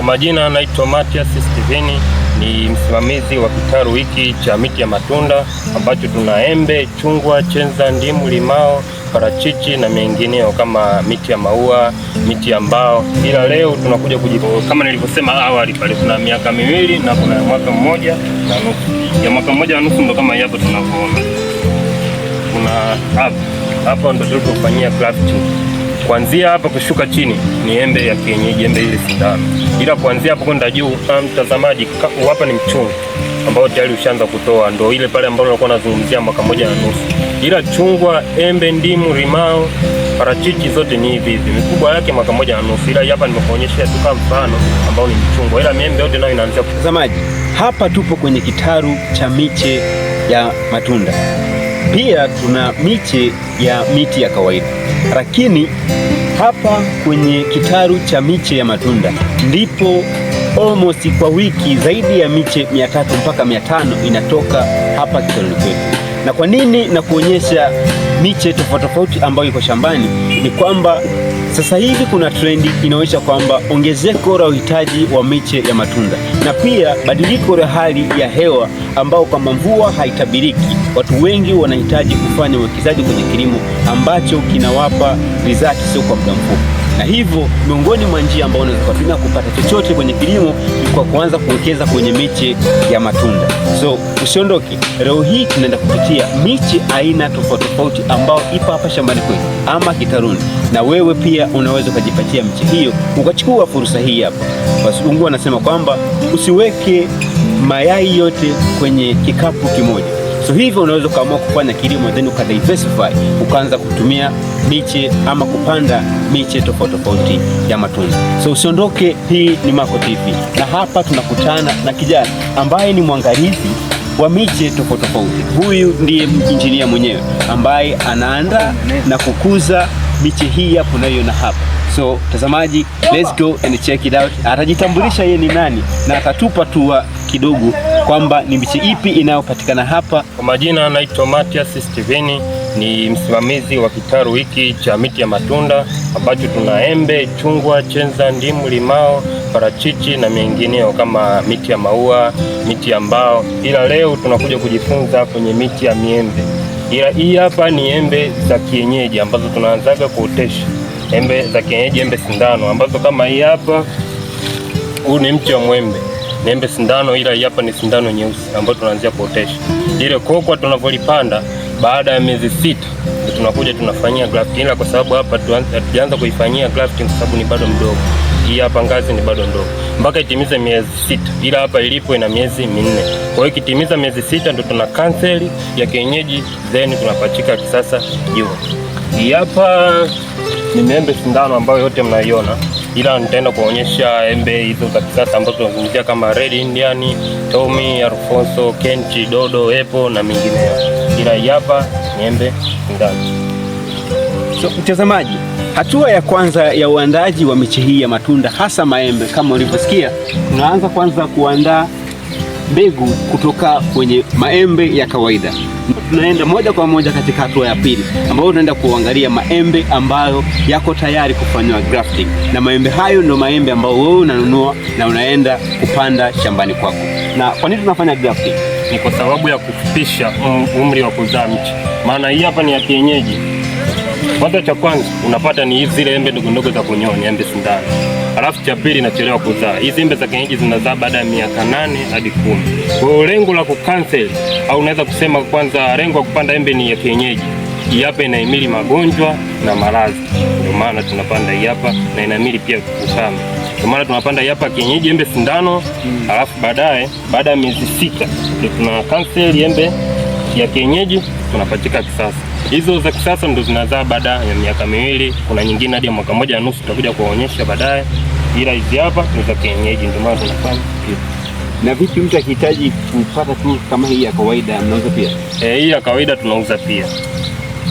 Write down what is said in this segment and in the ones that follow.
Kwa majina naitwa Matias Steveni, ni msimamizi wa kitaru hiki cha miti ya matunda ambacho tuna embe, chungwa, chenza, ndimu, limao, parachichi na mengineo kama miti ya maua, miti ya mbao. Ila leo tunakuja kujipo, kama nilivyosema awali pale, kuna miaka miwili na kuna mwaka mmoja na nusu. Ya mwaka mmoja na nusu ndo kama hapo tunavyoona, kuna hapa hapa ndo tulipofanyia crafting kuanzia hapa kushuka chini ni embe ya kienyeji, embe ile sindano, ila kuanzia hapo kwenda juu, ah, mtazamaji, hapa ni mchungu ambao tayari ushaanza kutoa, ndo ile pale ambayo nilikuwa nazungumzia mwaka moja na nusu. Ila chungwa, embe, ndimu, limao, parachichi zote ni hivi hivi, mikubwa yake mwaka moja na nusu, ila hapa nimekuonyeshea tu kama mfano ambao ni mchungwa, ila miembe yote nayo inaanza. Mtazamaji, hapa tupo kwenye kitaru cha miche ya matunda, pia tuna miche ya miti ya kawaida lakini hapa kwenye kitaru cha miche ya matunda ndipo almost kwa wiki zaidi ya miche mia tatu mpaka mia tano inatoka hapa kitaruni kwetu. Na kwa nini na kuonyesha miche tofauti tofauti ambayo iko shambani ni kwamba sasa hivi kuna trendi inaonyesha kwamba ongezeko la uhitaji wa miche ya matunda na pia badiliko la hali ya hewa ambao kwamba mvua haitabiriki. Watu wengi wanahitaji kufanya uwekezaji kwenye kilimo ambacho kinawapa riziki sio kwa muda mfupi na hivyo miongoni mwa njia ambayo unaweza kutumia kupata chochote kwenye kilimo ni kwa kuanza kuwekeza kwenye miche ya matunda. So usiondoke, leo hii tunaenda kupitia miche aina tofauti tofauti ambayo ipo hapa shambani kwetu ama kitaruni, na wewe pia unaweza ukajipatia miche hiyo ukachukua fursa hii hapa. Wasungu wanasema kwamba usiweke mayai yote kwenye kikapu kimoja. So hivyo unaweza ukaamua kufanya kilimo then uka diversify, ukaanza kutumia miche ama kupanda miche tofauti tofauti ya matunda. So usiondoke, hii ni Maco TV na hapa tunakutana na kijana ambaye ni mwangalizi wa miche tofauti tofauti. Huyu ndiye injinia mwenyewe ambaye anaandaa na kukuza miche hii hapo unayoiona hapa. So mtazamaji, let's go and check it out. Atajitambulisha yeye ni nani na atatupa tua kidogo kwamba ni miche ipi inayopatikana hapa. Kwa majina anaitwa Matias Steveni, ni msimamizi wa kitaru hiki cha miti ya matunda ambacho tuna embe, chungwa, chenza, ndimu, limao, parachichi na mengineo kama miti ya maua, miti ya mbao, ila leo tunakuja kujifunza kwenye miti ya miembe. Ila hii hapa ni embe za kienyeji ambazo tunaanzaga kuotesha, embe za kienyeji, embe sindano, ambazo kama hii hapa, huu ni mti wa mwembe niembe sindano, ila hapa ni sindano nyeusi ambayo tunaanzia kuotesha ile kokwa. Tunavyolipanda baada ya miezi sita tunakuja tunafanyia grafting, ila kwa sababu hapa hatujaanza kuifanyia grafting kwa sababu ni bado mdogo hii hapa ngazi ni bado ndogo mpaka itimize miezi sita, ila hapa ilipo ina miezi minne. Kwa hiyo ikitimiza miezi sita ndo tuna kanseli ya kienyeji then tunapachika kisasa juu. Hii hapa ni miembe sindano ambayo yote mnaiona, ila nitaenda kuonyesha embe hizo za kisasa ambazo tunazungumzia kama Red Indian, Tommy, Alfonso, Kenchi, Dodo, Epo na mingineyo, ila hii hapa ni embe sindano. So, mtazamaji Hatua ya kwanza ya uandaji wa miche hii ya matunda hasa maembe, kama ulivyosikia, tunaanza kwanza kuandaa mbegu kutoka kwenye maembe ya kawaida. Tunaenda moja kwa moja katika hatua ya pili, ambayo tunaenda kuangalia maembe ambayo yako tayari kufanywa grafting, na maembe hayo ndio maembe ambayo wewe unanunua na unaenda kupanda shambani kwako. Na kwa nini tunafanya grafting? Ni kwa sababu ya kufupisha um-, umri wa kuzaa mche, maana hii hapa ni ya kienyeji kwanza cha kwanza unapata ni hizi zile embe ndogo ndogo za kunyoa ni embe sindano. Alafu cha pili inachelewa kuzaa. Hizi embe za kienyeji zinazaa baada ya miaka nane hadi kumi. Kwa hiyo lengo la kukansel au unaweza kusema kwanza lengo la kupanda embe ni ya kienyeji. Hapa inahimili magonjwa na maradhi. Ndio maana tunapanda iyapa na inahimili pia ukame. Ndio maana tunapanda iyapa kienyeji embe sindano, alafu baadaye baada ya miezi sita tuna kansel embe ya kienyeji tunapachika kisasa. Hizo za kisasa ndo zinazaa baada ya miaka miwili, kuna nyingine hadi mwaka moja na nusu, tutakuja kuwaonyesha baadaye, ila hizi hapa ni za kienyeji, ndio maana tunafanya na vipi mtu akihitaji kupata tu kama hii ya kawaida mnauza pia? Eh, hii ya kawaida tunauza pia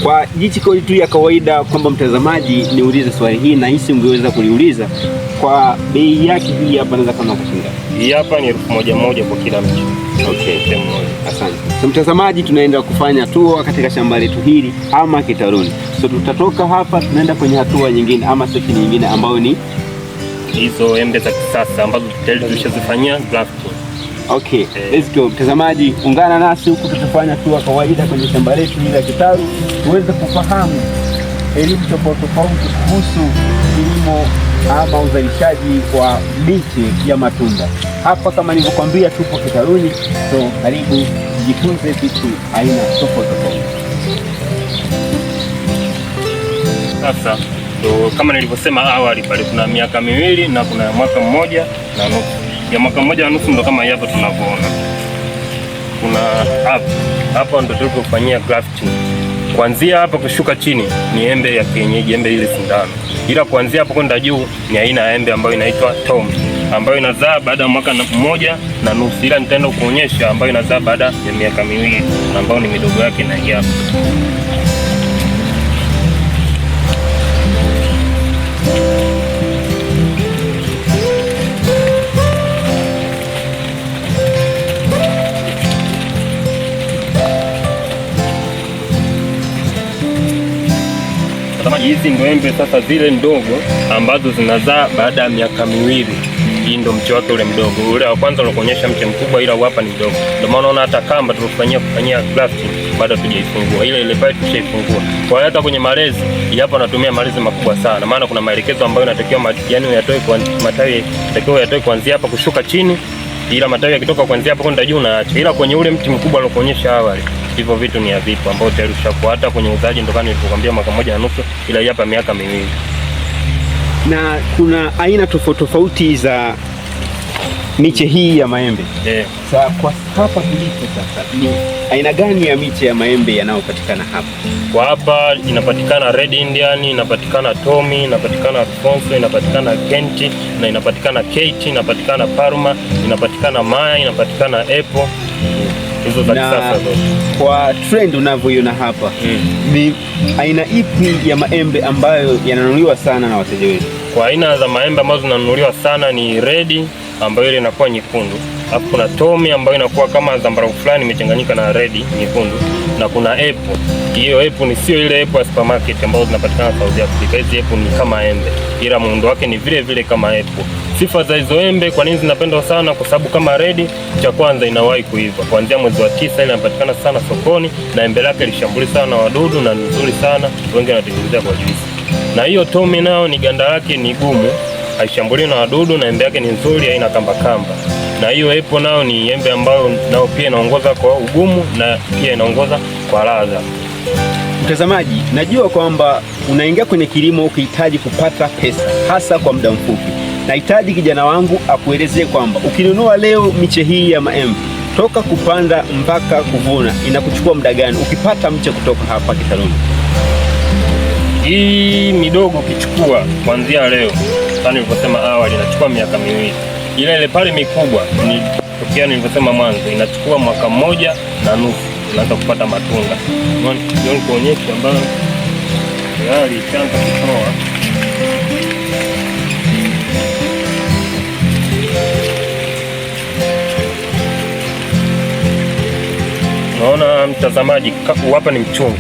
kwa jiji kauli tu ya kawaida kwamba mtazamaji, niulize swali hii, nahisi mngeweza kuliuliza kwa bei yake hii hapa, naweza kama kushinda hii hapa ni elfu moja moja kwa kila mtu. Okay, asante. So mtazamaji, tunaenda kufanya tour katika shamba letu hili ama kitaruni. So tutatoka hapa tunaenda kwenye hatua nyingine ama section nyingine ambayo ni hizo embe za kisasa ambazo tayari tulishazifanyia grafting. Okay, let's go. Mtazamaji, ungana nasi huku tukifanya kwa kawaida kwenye shamba letu hili la kitalu, tuweze kufahamu elimu tofauti tofauti kuhusu kilimo ama uzalishaji wa miche ya matunda. Hapa kama nilivyokwambia, tupo kitaluni, so karibu jifunze vitu aina tofauti tofauti. Sasa so, kama nilivyosema awali pale, kuna miaka miwili na kuna mwaka mmoja na nusu ya mwaka mmoja na nusu ndo kama hii hapa tunavyoona. Kuna hapa ndo tulikofanyia grafting. Kuanzia hapa kushuka chini ni embe ya kienyeji, embe ile sindano, ila kuanzia hapo kwenda juu ni aina ya embe ambayo inaitwa Tom ambayo inazaa baada ya mwaka mmoja na nusu, ila nitaenda kuonyesha ambayo inazaa baada ya miaka miwili, ambayo ni midogo yake na hii hapa. kama hizi ngwembe sasa zile ndogo ambazo zinazaa baada ya miaka miwili, hii ndo mche wake ule mdogo. Ule wa kwanza unakuonyesha mche mkubwa, ila hapa ni mdogo. Ndio maana unaona hata kamba tulifanyia kufanyia grafting bado tujaifungua ile ile pale, tushaifungua. Kwa hiyo hata kwenye malezi hapa natumia malezi makubwa sana, maana kuna maelekezo ambayo natakiwa yani uyatoe kwa matawi, natakiwa yatoe kuanzia hapa kushuka chini, ila matawi yakitoka kuanzia hapa kwenda juu naacha, ila kwenye ule mti mkubwa aliokuonyesha awali hivyo vitu ni havipo, ambao tayari ushakuwa hata kwenye uzaji, ndio kana nilikuambia mwaka mmoja na nusu, ila hapa miaka miwili. Na kuna aina tofauti tofauti za miche hii ya maembe yeah. Sa, kwa hapa tulipo sasa ni aina gani ya miche ya maembe yanayopatikana hapa? Kwa hapa inapatikana Red Indian, inapatikana Tommy, inapatikana Alfonso, inapatikana Kenti na inapatikana Kate, inapatikana Parma, inapatikana Maya, inapatikana Apple na kwa trend unavyoiona hapa mm. ni aina ipi ya maembe ambayo yananunuliwa sana na wateja wetu? Kwa aina za maembe ambazo zinanunuliwa sana ni redi ambayo ile inakuwa nyekundu, alafu kuna tomi ambayo inakuwa kama zambarau fulani imechanganyika na redi nyekundu na kuna app. Hiyo app ni sio ile app ya supermarket ambayo zinapatikana Saudi Africa. Hizi app ni kama embe, ila muundo wake ni vile vile kama app. Sifa za hizo embe, kwa nini zinapendwa sana? Kwa sababu kama redi, cha kwanza inawahi kuiva kuanzia mwezi wa tisa, ile inapatikana sana sokoni, na embe lake lishambuli sana wadudu na nzuri sana, wengi wanatengenezea kwa juisi. Na hiyo tomi nao ni ganda lake ni gumu, haishambuliwi na wadudu, na embe yake ni nzuri, haina kamba kamba na hiyo epo nao ni embe ambayo nao pia inaongoza kwa ugumu na pia inaongoza kwa ladha. Mtazamaji, najua kwamba unaingia kwenye kilimo ukihitaji kupata pesa hasa kwa muda mfupi. Nahitaji kijana wangu akuelezee kwamba ukinunua leo miche hii ya maembe toka kupanda mpaka kuvuna inakuchukua muda gani ukipata mche kutoka hapa kitaluni? Hii midogo ukichukua kuanzia leo, kama nilivyosema awali, inachukua miaka miwili ile ile pale mikubwa ni tokea nilivyosema mwanzo, inachukua mwaka mmoja na nusu unaanza kupata matunda. Nikuonyesha ambayo tayari ishaanza kutoa Naona mtazamaji, hapa ni mchungu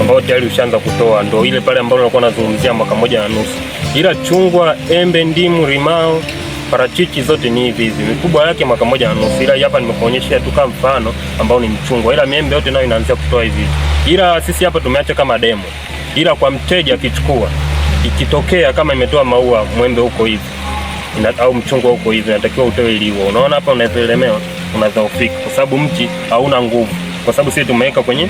ambao tayari ushaanza kutoa, ndo ile pale ambayo unakuwa unazungumzia mwaka moja na nusu, ila chungwa, embe, ndimu, limao Parachichi zote ni hivi hivi, mikubwa yake mwaka mmoja na nusu, ila hapa nimekuonyeshea tu kama mfano ambao ni mchungwa, ila miembe yote nayo inaanzia kutoa hivi, ila sisi hapa tumeacha kama demo, ila kwa mteja akichukua, ikitokea kama imetoa maua mwembe huko hivi au mchungwa huko hivi, natakiwa utoe liwa. Unaona hapa, unaelemewa, unadhaufika kwa sababu mti hauna nguvu, kwa sababu sisi tumeweka kwenye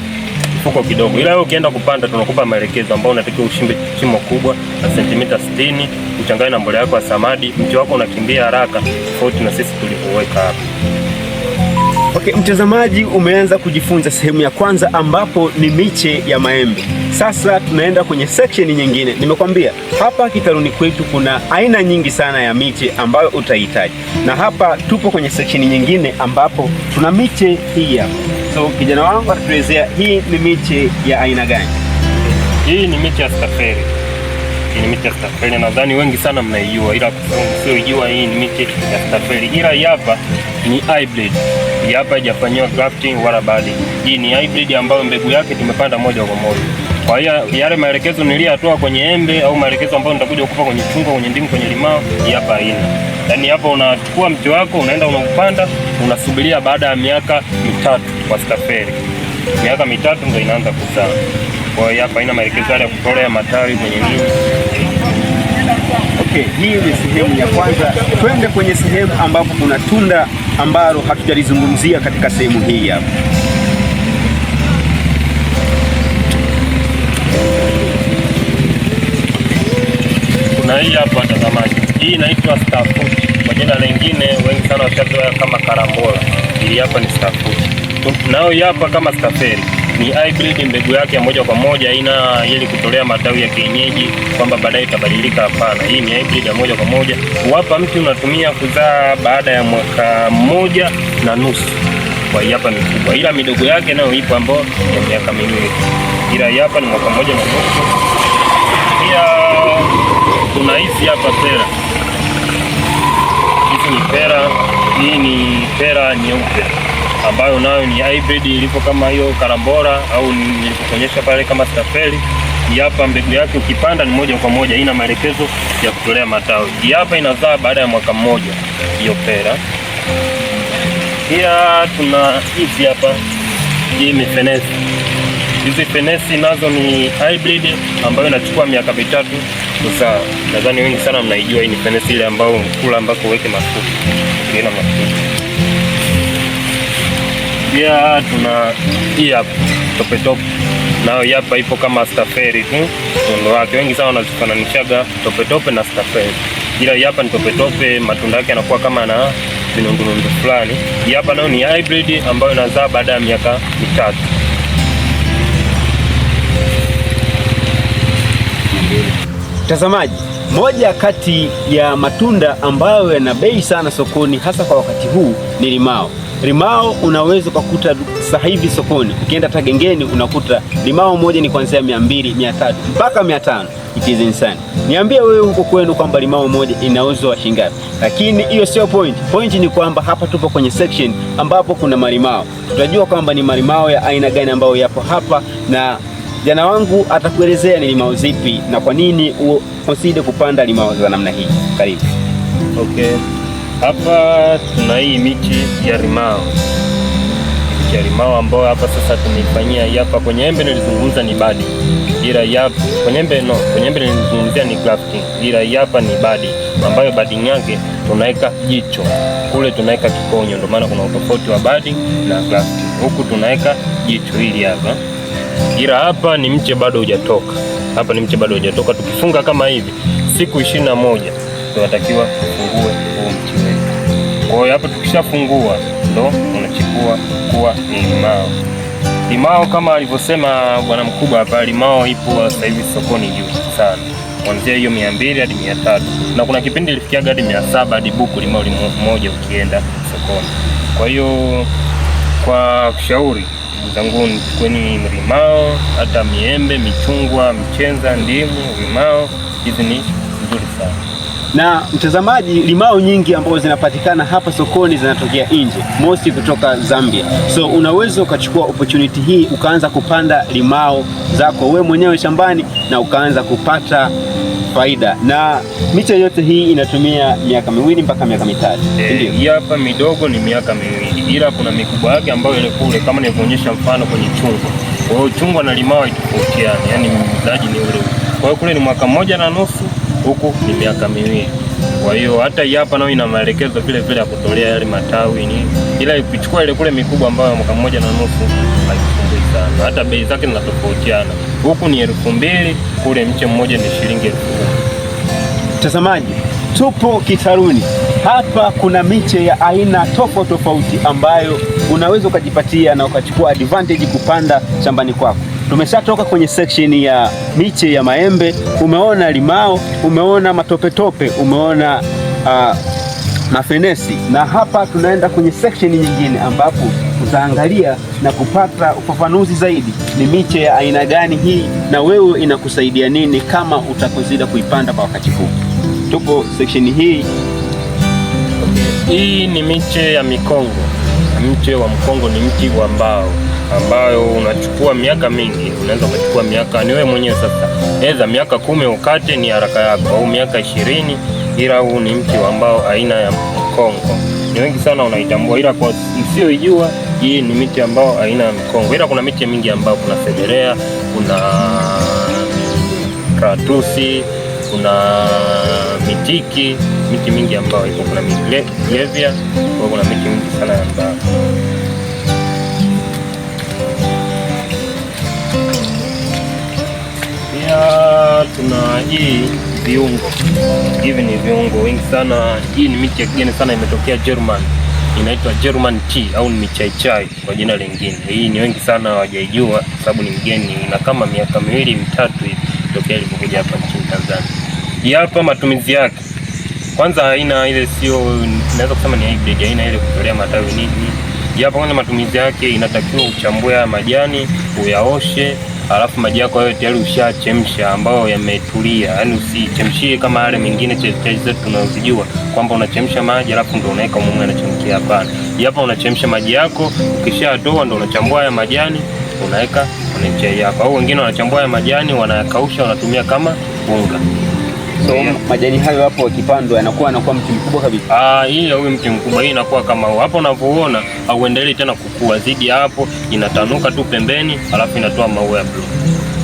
mifuko kidogo, ila wewe ukienda kupanda tunakupa maelekezo ambao unatakiwa ushimbe shimo kubwa na sentimita 60, uchanganye na mbolea yako ya samadi, mti wako unakimbia haraka tofauti na sisi tulivyoweka hapa. Okay, mtazamaji umeanza kujifunza sehemu ya kwanza ambapo ni miche ya maembe. Sasa tunaenda kwenye section nyingine. Nimekwambia hapa kitaluni kwetu kuna aina nyingi sana ya miche ambayo utahitaji, na hapa tupo kwenye section nyingine ambapo tuna miche hii hapa. So kijana wangu atuelezea hii ni miche ya aina gani? Hii ni miche ya staferi. Hii ni miche ya staferi. nadhani wengi sana mnaijua, ila usioijua hii ni miche ya staferi. ila hapa ni hybrid. Hii hapa haijafanyiwa grafting wala bali. Hii ni hybrid ambayo mbegu yake tumepanda moja kwa moja kwa hiyo yale maelekezo niliyatoa kwenye embe au maelekezo ambayo nitakuja kukupa kwenye chungwa, kwenye ndimu, kwenye limao, hapa haina. Yaani hapo unachukua mti wako unaenda unaupanda, unasubiria baada ya miaka mitatu kwa stafeli. Miaka mitatu ndio inaanza kuzaa. Kwa hiyo hapa haina maelekezo yale ya kutolea matawi kwenye nini. Okay, hii ni sehemu ya kwanza. Twende kwenye sehemu ambapo kuna tunda ambalo hatujalizungumzia katika sehemu hii hapa. na hii hapa watazamaji, hii inaitwa star kwa jina lingine, wengi sana washazoea kama karambola. Hii hapa ni star nayo hii hapa kama stafeli ni hybrid, mbegu yake ya moja kwa moja, haina ili kutolea matawi ya kienyeji kwamba baadaye itabadilika. Hapana, hii ni hybrid ya moja kwa moja. Wapa mti unatumia kuzaa baada ya mwaka mmoja na nusu kwa hii hapa mikubwa, ila midogo yake nayo ipo ambayo ya miaka miwili, ila hii hapa ni mwaka mmoja na nusu kuna hizi hapa pera, hizi ni pera. Hii ni pera nyeupe ambayo nayo ni hybrid ilipo kama hiyo karambora au nilikuonyesha pale kama stafeli. Hii hapa mbegu yake ukipanda ni moja kwa moja, ina maelekezo ya kutolea matawi. Hii hapa inazaa baada ya mwaka mmoja hiyo pera. Pia tuna hizi hapa, hii ni fenesi. Hizi fenesi nazo ni hybrid ambayo inachukua miaka mitatu sasa nadhani wengi sana mnaijua hii ni fenesi ile ambayo kula ambako uweke mafuta. Ukiona mafuta. Pia tuna hii hapa tope tope. Nayo hii hapa ipo kama staferi tu. Muundo wake wengi sana wanafananishaga tope tope na staferi. Ila hii hapa ni tope tope, matunda yake yanakuwa kama na vinundunundu fulani. Hii hapa nayo ni hybrid ambayo inazaa baada ya miaka mitatu. Mtazamaji, moja kati ya matunda ambayo yana bei sana sokoni hasa kwa wakati huu ni limao. Limao unaweza ukakuta sasa hivi sokoni, ukienda hata gengeni unakuta limao moja ni kuanzia mia mbili, mia tatu mpaka mia tano. It is insane. Niambie wewe huko kwenu kwamba limao moja inauzwa shilingi lakini hiyo sio point. Point ni kwamba hapa tupo kwenye section ambapo kuna malimao, tutajua kwamba ni malimao ya aina gani ambayo yapo hapa na Kijana wangu atakuelezea ni limao zipi na kwa nini uconsider kupanda limao za namna hii. Karibu. Okay. Hapa tuna hii michi ya limao ya limao ambayo hapa sasa tumeifanyia hapa kwenye embe, nilizungumza ni badi, ila hapa kwenye embe no, kwenye embe nilizungumzia ni grafting, ila hapa ni badi, ambayo badi yake tunaweka jicho, kule tunaweka kikonyo. Ndio maana kuna utofauti wa badi na grafting, huku tunaweka jicho hili hapa ila hapa ni mche bado hujatoka, hapa ni mche bado hujatoka. Tukifunga kama hivi siku ishirini na moja tunatakiwa tufungue huu mche wetu. Kwa hiyo hapa tukishafungua ndo unachukua kuwa ni limao. Limao kama alivyosema bwana mkubwa hapa, limao ipo sasa hivi sokoni juu sana, kuanzia hiyo mia mbili hadi mia tatu na kuna kipindi ilifikia hadi mia saba hadi buku limao limoja ukienda sokoni. Kwa hiyo kwa kushauri zangu nichukueni mlimao, hata miembe, michungwa, mchenza, ndimu, limao. Hizi ni nzuri sana. Na mtazamaji, limao nyingi ambazo zinapatikana hapa sokoni zinatokea nje, mosti kutoka Zambia. So unaweza ukachukua opportunity hii ukaanza kupanda limao zako wewe mwenyewe shambani na ukaanza kupata faida. Na miche yote hii inatumia miaka miwili mpaka miaka mitatu. Eh, ndio. Hii hapa midogo ni miaka miwili, ila kuna mikubwa yake ambayo ile kule kama nilivyoonyesha mfano kwenye chungwa. Kwa hiyo chungwa na limao haitofautiani, yani mzaji ni ule. Kwa hiyo kule ni mwaka mmoja na nusu, huku ni miaka miwili. Kwa hiyo hata hii hapa nayo ina maelekezo vile vile ya kutolea yale matawi ni, ila ikichukua ile kule mikubwa ambayo mwaka mmoja na nusu haifungui sana, hata bei zake zinatofautiana huku ni elfu mbili kule mche mmoja ni shilingi elfu kumi. Mtazamaji, tupo kitaruni hapa. Kuna miche ya aina tofauti tofauti ambayo unaweza ukajipatia na ukachukua advantage kupanda shambani kwako. Tumeshatoka kwenye section ya miche ya maembe, umeona limao, umeona matopetope, umeona uh, mafenesi na hapa tunaenda kwenye section nyingine ambapo tutaangalia na kupata ufafanuzi zaidi, ni miche ya aina gani hii na wewe inakusaidia nini kama utakuzida kuipanda kwa wakati huu. Tupo section hii. Hii ni miche ya mikongo. Mche wa mkongo ni mti wa mbao ambayo unachukua miaka mingi, unaweza ukachukua miaka, ni wewe mwenyewe sasa, eza miaka kumi ukate, ni haraka yako, au miaka ishirini. Ila huu ni mti wa mbao aina ya mkongo, ni wengi sana unaitambua, ila kwa msioijua hii ni miti ambayo haina mkongo, ila kuna miti mingi ambayo kuna federea, kuna kratusi, kuna mitiki, miti mingi ambayo ipo, kuna miglevia, kuna miti mingi sana ambayo tuna hii viungo hivi ni viungo wingi sana. Hii ni miti ya kigeni sana, imetokea German inaitwa German tea au ni chai kwa jina lingine. Hii ni wengi sana hawajaijua sababu ni mgeni, ina kama miaka miwili mitatu hivi tokea ilipokuja hapa nchini Tanzania. Hii hapa matumizi yake, kwanza haina ile, sio naweza kusema ni hybrid, haina ile kutolea matawi nini. Hii hapa kwanza matumizi yake, inatakiwa uchambue haya majani uyaoshe alafu maji yako hayo tayari ushachemsha ambayo yametulia, yani usichemshie kama yale mengine chai zetu tunazijua kwamba unachemsha maji alafu ndio unaweka mume anachemkia. Hapana, hapa unachemsha maji yako, ukishatoa ndio unachambua haya majani unaweka kwenye chai yako, au wengine wanachambua haya majani wanayakausha, wanatumia kama unga. So yeah. majani hayo hapo yakipandwa yanakuwa yanakuwa mti mkubwa kabisa. Ah, hii huyu mti mkubwa hii inakuwa kama huo. hapo unavyoona, hauendelei tena kukua zidi hapo, inatanuka tu pembeni, alafu inatoa maua ya blue.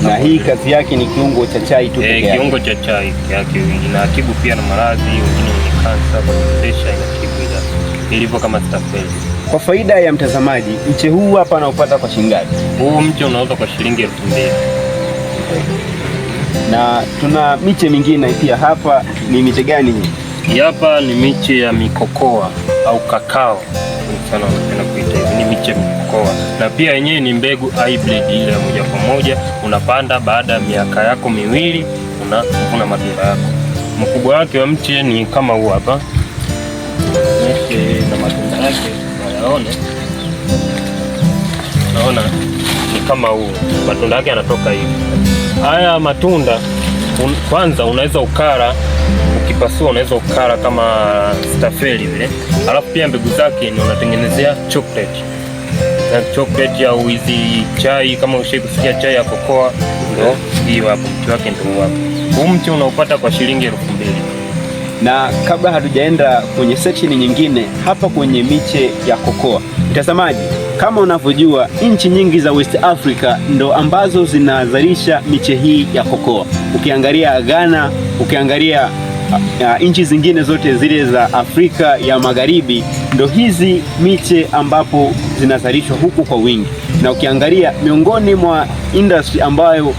Na hii kazi yake ni kiungo cha chai tu eh, pekee yake. Kiungo cha chai yake inatibu pia na maradhi wengine ni kansa, kwa presha inatibu ila ilivyo kama stafeli. Kwa faida ya mtazamaji, mche huu hapa anaupata kwa shilingi ngapi? Huu mche unauza kwa shilingi 2000 na tuna miche mingine pia hapa. Ni miche gani hii? Hapa ni miche ya mikokoa au kakao mfano unapenda kuita hivi, ni miche mikokoa, na pia yenyewe ni mbegu hybrid ile moja kwa moja. Unapanda baada ya miaka yako miwili unavuna matunda yako. Mkubwa wake wa mche ni kama huu hapa, na matunda yake unaona kama huu, matunda yake yanatoka hivi. Haya matunda un, kwanza unaweza ukara ukipasua, unaweza ukara kama stafeli vile, alafu pia mbegu zake ni unatengenezea chocolate na chocolate au hizi chai, kama ushaikusikia chai ya kokoa, ndio hiyo hapo, mti wake ndio hapo. Huu mti unaupata kwa shilingi elfu mbili na kabla hatujaenda kwenye section nyingine, hapa kwenye miche ya kokoa, mtazamaji kama unavyojua nchi nyingi za West Africa ndo ambazo zinazalisha miche hii ya kokoa. Ukiangalia Ghana, ukiangalia uh, uh, nchi zingine zote zile za Afrika ya Magharibi ndo hizi miche ambapo zinazalishwa huku kwa wingi, na ukiangalia miongoni mwa industry ambayo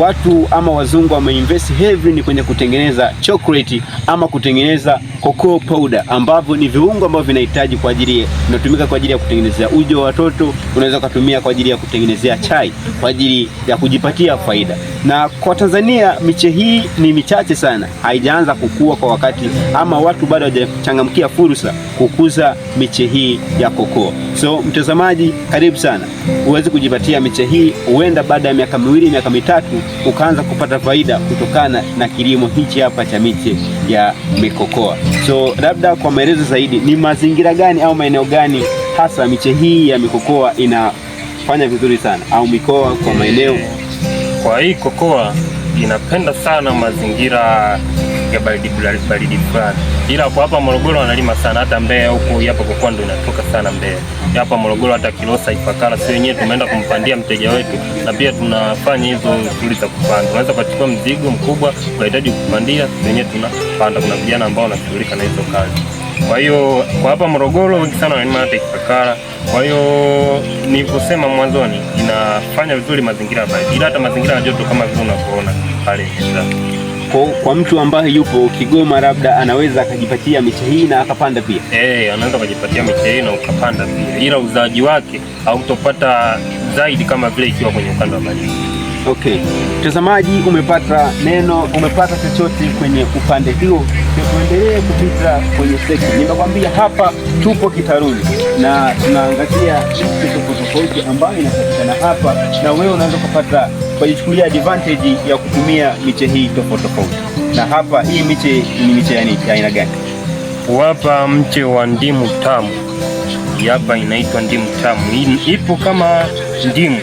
watu ama wazungu wameinvest heavy ni kwenye kutengeneza chocolate ama kutengeneza cocoa powder ambavyo ni viungo ambavyo vinahitaji kwa ajili vinatumika kwa ajili ya kutengenezea uji wa watoto. Unaweza ukatumia kwa ajili ya kutengenezea chai kwa ajili ya kujipatia faida. Na kwa Tanzania miche hii ni michache sana, haijaanza kukua kwa wakati, ama watu bado hawajachangamkia fursa kukuza miche hii ya cocoa. So mtazamaji, karibu sana uweze kujipatia miche hii, huenda baada ya miaka miwili, miaka mitatu ukaanza kupata faida kutokana na kilimo hichi hapa cha miche ya mikokoa. So labda kwa maelezo zaidi, ni mazingira gani au maeneo gani hasa miche hii ya mikokoa inafanya vizuri sana, au mikoa kwa maeneo? Kwa hii kokoa inapenda sana mazingira ya baridi baridi fulani, ila kwa hapa Morogoro wanalima sana, hata Mbeya huku hapa kwa ndo inatoka sana Mbeya hapa Morogoro, hata Kilosa, Ifakara, si wenyewe tumeenda kumpandia mteja wetu, na pia tunafanya hizo shughuli za kupanda. Unaweza ukachukua mzigo mkubwa unahitaji kupandia, si wenyewe tunapanda. Kuna vijana ambao wanashughulika na hizo kazi. Kwa hiyo kwa hapa Morogoro wengi sana wanalima hata Ifakara. Kwa hiyo nilivyosema mwanzoni, inafanya vizuri mazingira ya baridi, ila hata mazingira ya joto kama vile unavyoona pale kwa, kwa mtu ambaye yupo Kigoma labda anaweza akajipatia miche hii na akapanda pia hey, eh, anaweza akajipatia miche hii na ukapanda pia, ila uzaji wake hautopata zaidi kama vile ikiwa kwenye ukanda wa baridi. Okay, mtazamaji, umepata neno, umepata chochote kwenye upande huo, tuendelee kupita kwenye section. Nimekwambia hapa tupo kitaruni na tunaangazia vitu tofauti ambayo inapatikana hapa, na wewe unaweza kupata waichukulia advantage ya kutumia miche hii tofauti tofauti. Na hapa hii miche ni miche ya aina gani? Wapa mche wa ndimu tamu, hapa inaitwa ndimu tamu. Ipo kama ndimu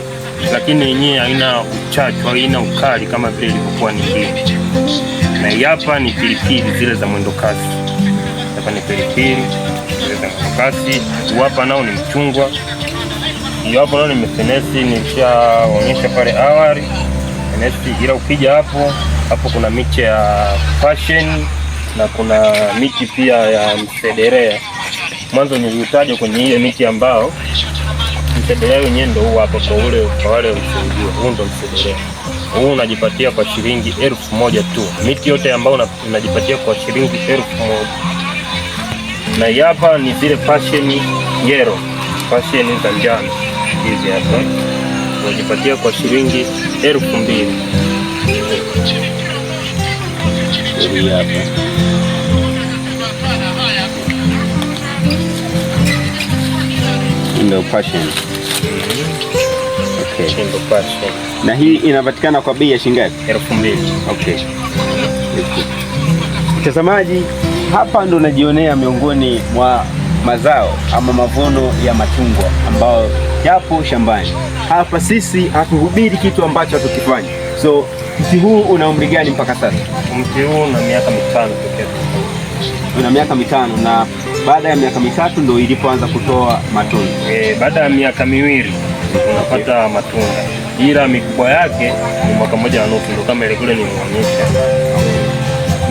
lakini yenyewe haina uchachu, haina ukali kama vile ilivyokuwa ni ndimu. Na hapa ni pilipili zile za mwendo kasi, hapa ni pilipili zile za mwendo kasi. Wapa nao ni mchungwa hapo leo nimesenesi, nishaonyesha pale awali senesi, ila ukija hapo hapo kuna miche ya fashion na kuna miti pia ya msederea. Mwanzo niliutaja kwenye ile miti ambao msederea wenyewe ndio huu hapo, kwa ule kwa wale msujua, huu ndio msederea. Huu unajipatia kwa shilingi elfu moja tu. Miti yote ambayo unajipatia kwa shilingi elfu moja na hapa ni zile fashion yero, fashion za njano hizi hapa, unajipatia kwa shilingi elfu mbili passion. Mm-hmm. Okay. Passion. Na hii inapatikana kwa bei ya shilingi ngapi? elfu mbili. Okay. Mtazamaji, hapa ndo najionea miongoni mwa mazao ama mavuno ya machungwa ambayo yapo shambani. Hapa sisi hatuhubiri kitu ambacho hatukifanyi. So mti huu una umri gani mpaka sasa? Mti huu una miaka mitano pekee. Una miaka mitano na baada ya miaka mitatu ndio ilipoanza kutoa matunda. E, baada ya miaka miwili unapata matunda, ila mikubwa yake ni mwaka moja na nusu, ndio kama ile kule nimeonyesha.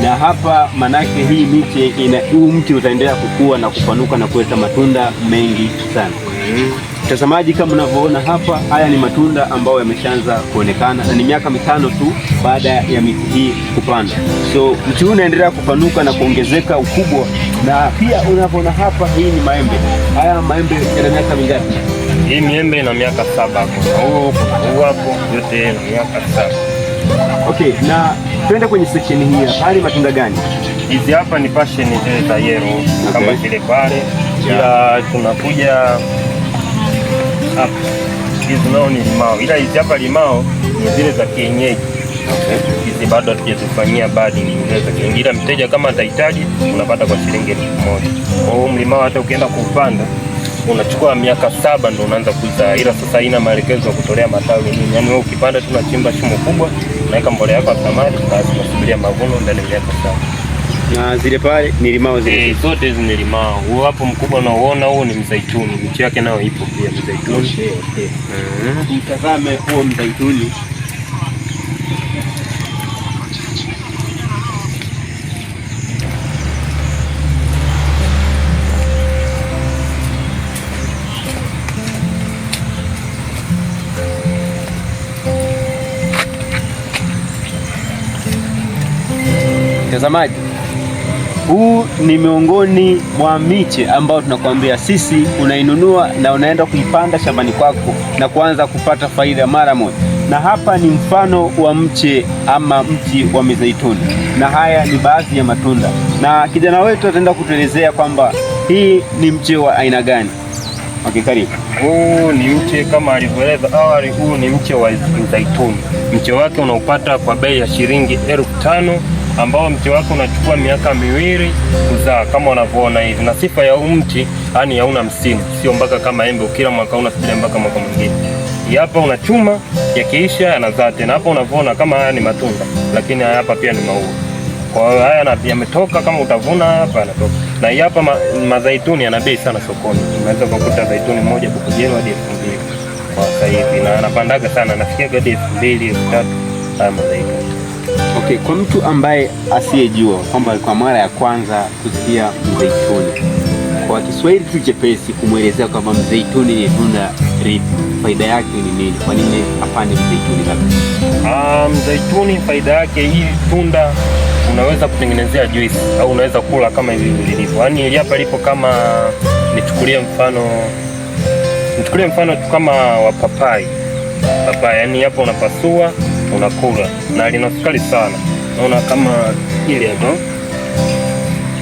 Na hapa manake hii miche ina huu mti utaendelea kukua na kupanuka na kuleta matunda mengi sana. Mm -hmm. Mtazamaji, kama unavyoona hapa, haya ni matunda ambayo yameshaanza kuonekana na ni miaka mitano tu baada ya miti hii kupanda. So mti huu unaendelea kupanuka na kuongezeka ukubwa, na pia unavyoona hapa, hii ni maembe. Haya maembe yana miaka mingapi? Hii miembe ina miaka saba. Hapo yote ina miaka saba. Okay, na tuende kwenye section hii hapa, ni matunda gani? Hizi hapa ni passion zile eh, za okay. kama vile pale, ila tunakuja hapa. Hizi ni limao, ila hizi hapa limao ni zile za kienyeji. Hizi bado hatujazifanyia zile za kienyeji, ila mteja kama atahitaji unapata kwa shilingi elfu moja. Huu mlimao hata ukienda kuupanda unachukua miaka saba ndo unaanza kuzaa, ila sasa haina maelekezo ya kutolea matawi nini. Yaani wewe ukipanda, tunachimba shimo kubwa, unaweka mbolea yako ya samadi, basi unasubiria mavuno ndani ya miaka saba na zile pale ni limao zile eh, zote hizi ni limao. Huo hapo mkubwa unaoona huo ni mzaituni, mti yake nayo ipo pia mzaituni. Okay, okay. Mm. Mtazame huo mzaituni Mtazamaji huu ni miongoni mwa miche ambayo tunakuambia sisi unainunua na unaenda kuipanda shambani kwako na kuanza kupata faida mara moja. Na hapa ni mfano wa mche ama mti wa mizeituni, na haya ni baadhi ya matunda, na kijana wetu ataenda kutuelezea kwamba hii ni mche wa aina gani. Okay, karibu. Huu ni mche kama alivyoeleza awali, huu ni mche wa mzaituni. Mche wake unaupata kwa bei ya shilingi elfu tano ambao mti wako unachukua miaka miwili kuzaa kama unavyoona hivi, na sifa ya huu mti yani hauna msimu, sio mpaka kama embe kila mwaka unasubiria mpaka mwaka mwingine. Hapa una chuma yakiisha yanazaa tena. Hapa unavyoona kama haya ni matunda, lakini haya hapa pia ni maua. Kwa hiyo haya yametoka, kama utavuna hapa yanatoka. Na hii hapa ma, mazaituni yana bei sana sokoni, unaweza kukuta zaituni moja buku jelo hadi elfu mbili kwa sasa hivi, na anapandaga sana, nafikia hadi elfu mbili elfu tatu haya mazaituni. Okay, kwa mtu ambaye asiyejua kwamba kwa mara ya kwanza kusikia mzeituni, kwa Kiswahili tu chepesi kumwelezea kwamba mzeituni ni tunda lipi, faida yake ni nini, kwa nini apande mzeituni labda? Ah, mzeituni faida yake, hii tunda unaweza kutengenezea juisi au unaweza kula kama hivi vilivyo, yaani ili hapa lipo kama, nichukulie mfano nichukulie mfano tu kama wapapai hapa, yani hapo unapasua unakula, na lina sukari sana. Naona kama ile hapo,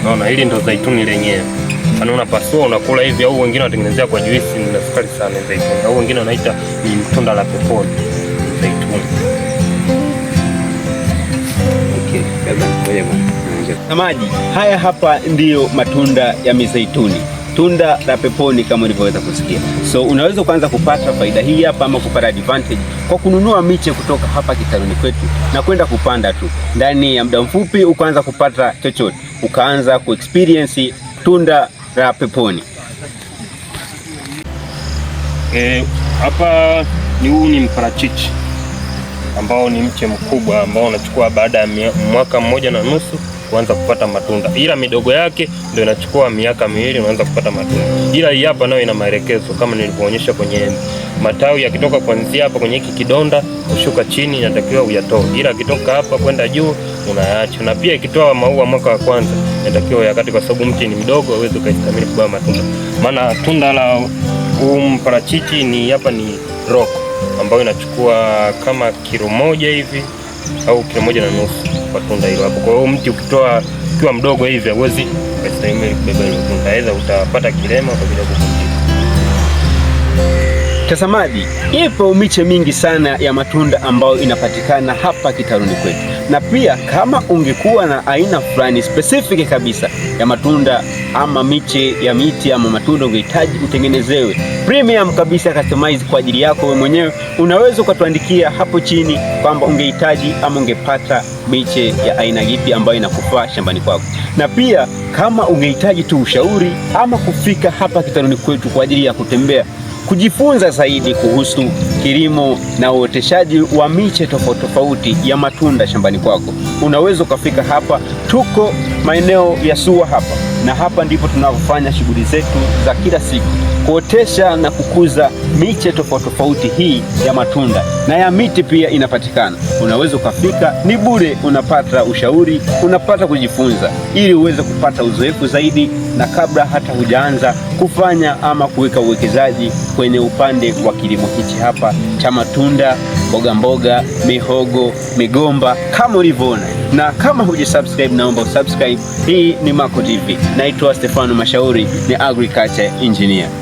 naona hili ndo zaituni lenyewe. Kana yaani unapasua unakula hivi, au wengine wanatengenezea kwa juisi, lina sukari sana zaituni, au wengine wanaita ni mtunda la peponi zaituni. Okay, na maji haya hapa ndiyo matunda ya mizeituni tunda la peponi kama ulivyoweza kusikia. So unaweza kuanza kupata faida hii hapa ama kupata advantage kwa kununua miche kutoka hapa kitaruni kwetu na kwenda kupanda tu, ndani ya muda mfupi ukaanza kupata chochote, ukaanza kuexperience tunda la peponi eh, hapa. E, ni huu ni mparachichi ambao ni mche mkubwa ambao unachukua baada ya mwaka mmoja na nusu kuanza kupata matunda, ila midogo yake ndio inachukua miaka miwili unaanza kupata matunda, ila hii hapa nayo ina maelekezo kama nilivyoonyesha kwenye matawi. Yakitoka kuanzia hapa kwenye hiki kidonda kushuka chini, inatakiwa uyatoe, ila akitoka hapa kwenda juu unayaacha. Na pia ikitoa maua mwaka wa kwanza, inatakiwa yakati, kwa sababu mti ni mdogo, aweze ukastahimili kubeba matunda. Maana tunda la umparachichi ni hapa ni roko ambayo inachukua kama kilo moja hivi au kilo moja na nusu kwa tunda hilo hapo. Kwa hiyo mti ukitoa ukiwa mdogo hivi hauwezi kustahimili kubeba hilo tunda, aidha utapata kilema kwa bila kuvunjika. Mtazamaji, ipo miche mingi sana ya matunda ambayo inapatikana hapa kitaruni kwetu na pia kama ungekuwa na aina fulani specific kabisa ya matunda ama miche ya miti ama matunda ungehitaji utengenezewe premium kabisa customize kwa ajili yako wewe mwenyewe, unaweza ukatuandikia hapo chini kwamba ungehitaji ama ungepata miche ya aina ipi ambayo inakufaa shambani kwako, na pia kama ungehitaji tu ushauri ama kufika hapa kitanoni kwetu kwa ajili ya kutembea kujifunza zaidi kuhusu kilimo na uoteshaji wa miche tofauti tofauti ya matunda shambani kwako, unaweza ukafika hapa. Tuko maeneo ya SUA hapa na hapa ndipo tunavyofanya shughuli zetu za kila siku, kuotesha na kukuza miche tofauti tofauti hii ya matunda na ya miti pia inapatikana. Unaweza ukafika, ni bure, unapata ushauri, unapata kujifunza ili uweze kupata uzoefu zaidi, na kabla hata hujaanza kufanya ama kuweka uwekezaji kwenye upande wa kilimo hichi hapa cha matunda, mboga mboga, mihogo, migomba kama ulivyoona na kama hujisubscribe, naomba usubscribe. Hii ni Maco TV, naitwa Stefano Mashauri, ni agriculture engineer.